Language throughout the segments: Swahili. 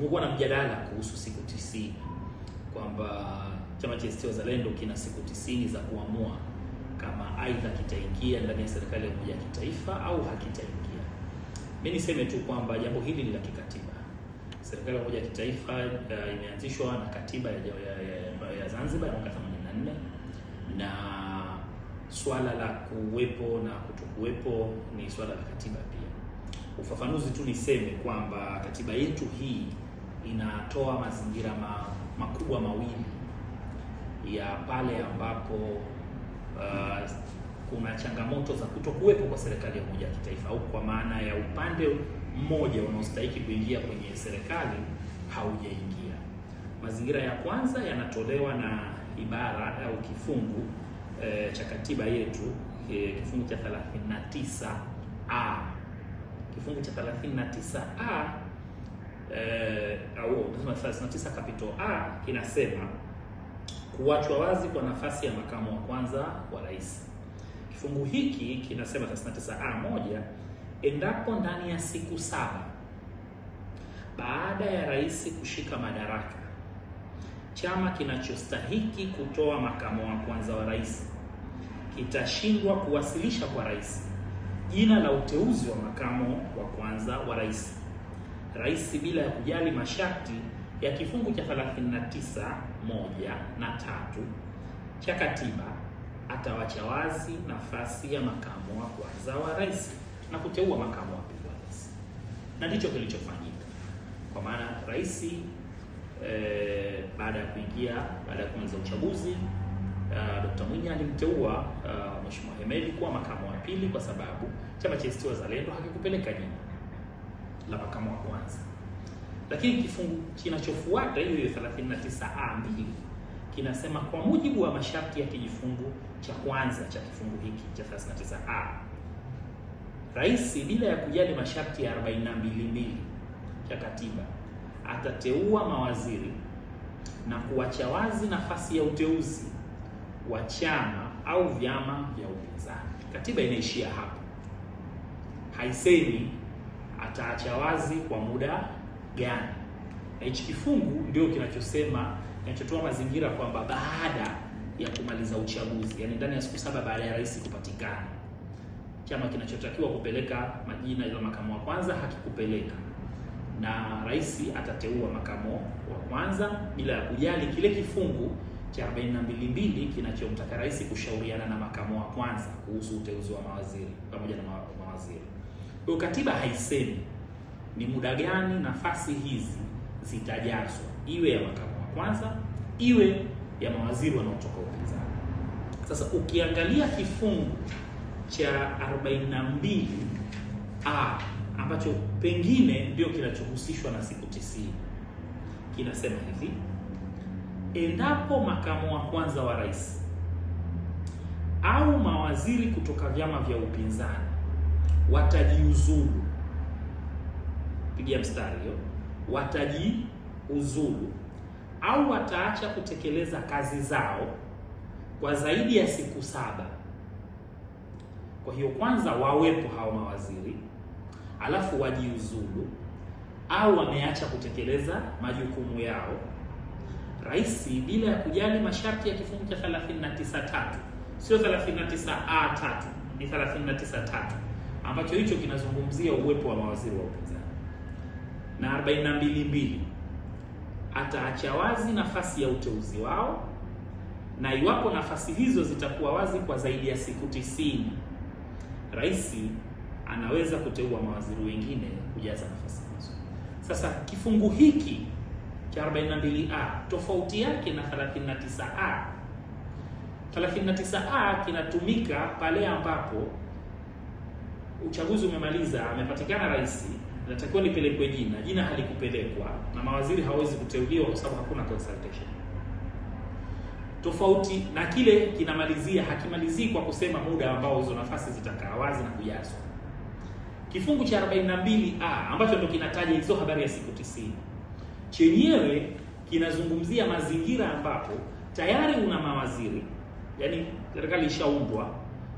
kumekuwa na mjadala kuhusu siku tisini kwamba chama cha ACT Wazalendo kina siku tisini za kuamua kama aidha kitaingia ndani ya serikali ya umoja wa kitaifa au hakitaingia. Mimi niseme tu kwamba jambo hili ni la kikatiba. Serikali ya umoja wa kitaifa uh, imeanzishwa na katiba ya, ya, ya, ya Zanzibar ya mwaka 84 na swala la kuwepo na kutokuwepo ni swala la katiba pia. Ufafanuzi tu niseme kwamba katiba yetu hii inatoa mazingira ma, makubwa mawili ya pale ambapo uh, kuna changamoto za kutokuwepo kwa serikali ya umoja wa kitaifa au kwa maana ya upande mmoja unaostahiki kuingia kwenye serikali haujaingia. Mazingira ya kwanza yanatolewa na ibara au kifungu e, cha katiba yetu e, kifungu cha 39A. Kifungu cha 39A eh, au nafasi tisa kapito A kinasema kuachwa wazi kwa nafasi ya makamu wa kwanza wa rais. Kifungu hiki kinasema 39 a moja, endapo ndani ya siku saba baada ya rais kushika madaraka, chama kinachostahiki kutoa makamu wa kwanza wa rais kitashindwa kuwasilisha kwa rais jina la uteuzi wa makamu wa kwanza wa rais rais bila ya kujali masharti ya kifungu cha 39 moja na tatu cha katiba atawacha wazi nafasi ya makamu wa kwanza wa rais na kuteua makamu wa pili wa rais, na ndicho kilichofanyika. Kwa maana rais e, baada ya kuingia baada ya kuanza uchaguzi Uh, e, Dr. Mwinyi alimteua uh, Mheshimiwa Hemedi kuwa makamu wa pili kwa sababu chama cha ACT Wazalendo hakikupeleka nyuma la makamu wa kwanza. Lakini kifungu kinachofuata hiyo 39a mbili kinasema kwa mujibu wa masharti ya kijifungu cha kwanza cha kifungu hiki cha 39a, rais bila ya kujali masharti ya 42.2 ya katiba atateua mawaziri na kuacha wazi nafasi ya uteuzi wa chama au vyama vya upinzani. Katiba inaishia hapo, haisemi ataacha wazi kwa muda gani. Na hichi kifungu ndio kinachosema kinachotoa mazingira kwamba baada ya kumaliza uchaguzi, yani ndani ya siku saba baada ya rais kupatikana, chama kinachotakiwa kupeleka majina ya makamu wa kwanza hakikupeleka, na rais atateua makamu wa kwanza bila ya kujali kile kifungu cha 422 kinachomtaka rais kushauriana na makamu wa kwanza kuhusu uteuzi wa mawaziri pamoja na mawaziri. Kwa katiba haisemi ni muda gani nafasi hizi zitajazwa, iwe ya makamu wa kwanza, iwe ya mawaziri wanaotoka upinzani. Sasa ukiangalia kifungu cha 42 a ambacho pengine ndio kinachohusishwa na siku tisini kinasema hivi: endapo makamu wa kwanza wa rais au mawaziri kutoka vyama vya upinzani watajiuzulu. Pigia mstari hiyo, watajiuzulu au wataacha kutekeleza kazi zao kwa zaidi ya siku saba. Kwa hiyo kwanza wawepo hao mawaziri, alafu wajiuzulu au wameacha kutekeleza majukumu yao. Rais bila ya kujali masharti ya kifungu cha 39 tatu, sio 39 a tatu, ni 39 tatu ambacho hicho kinazungumzia uwepo wa mawaziri wa upinzani, na 42.2 ataacha wazi nafasi ya uteuzi wao, na iwapo nafasi hizo zitakuwa wazi kwa zaidi ya siku tisini, rais anaweza kuteua mawaziri wengine kujaza nafasi hizo. Sasa kifungu hiki cha 42A tofauti yake na 39A, 39A kinatumika pale ambapo uchaguzi umemaliza, amepatikana rais, natakiwa nipelekwe jina, jina halikupelekwa na mawaziri hawezi kuteuliwa kwa sababu hakuna consultation. Tofauti na kile kinamalizia, hakimalizii kwa kusema muda ambao hizo nafasi zitakaa wazi na kujazwa. Kifungu cha 42A ambacho ndio kinataja hizo habari ya siku 90 chenyewe kinazungumzia mazingira ambapo tayari una mawaziri, yani serikali ishaumbwa,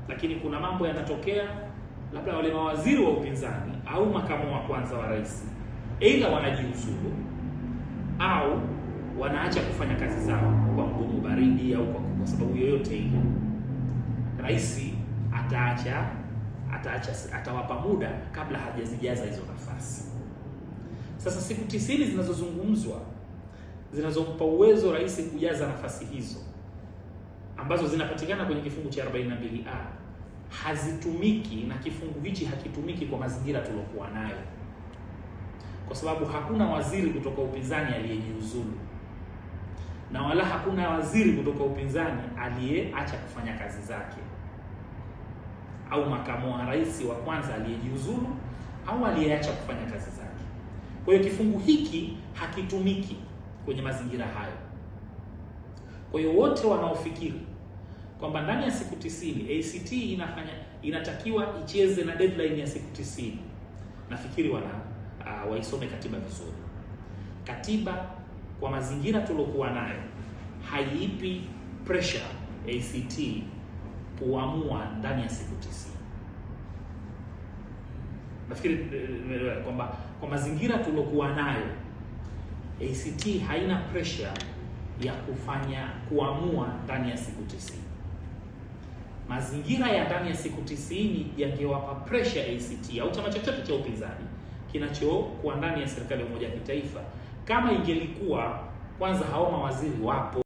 lakini kuna mambo yanatokea labda wale mawaziri wa upinzani au makamu wa kwanza wa rais, aidha wanajiuzulu au wanaacha kufanya kazi zao kwa mgomo baridi au kwa, kwa sababu yoyote ile, rais ataacha ataacha atawapa muda kabla hajazijaza hizo nafasi. Sasa siku tisini zinazozungumzwa zinazompa uwezo rais kujaza nafasi hizo ambazo zinapatikana kwenye kifungu cha 42A hazitumiki na kifungu hichi hakitumiki kwa mazingira tuliokuwa nayo, kwa sababu hakuna waziri kutoka upinzani aliyejiuzulu na wala hakuna waziri kutoka upinzani aliyeacha kufanya kazi zake, au makamu wa rais wa kwanza aliyejiuzulu au aliyeacha kufanya kazi zake. Kwa hiyo kifungu hiki hakitumiki kwenye mazingira hayo. Kwa hiyo wote wanaofikiri kwamba ndani ya siku tisini ACT inafanya inatakiwa icheze na deadline ya siku tisini. Nafikiri wana uh, waisome katiba vizuri. Katiba kwa mazingira tuliokuwa nayo haiipi pressure ACT kuamua ndani ya siku tisini. Nafikiri eh, kwamba kwa mazingira tuliokuwa nayo ACT haina pressure ya kufanya kuamua ndani ya siku tisini mazingira ya ndani ya siku tisini yangewapa presha ACT au chama chochote cha upinzani kinachokuwa ndani ya serikali ya umoja wa kitaifa, kama ingelikuwa kwanza hao mawaziri wapo.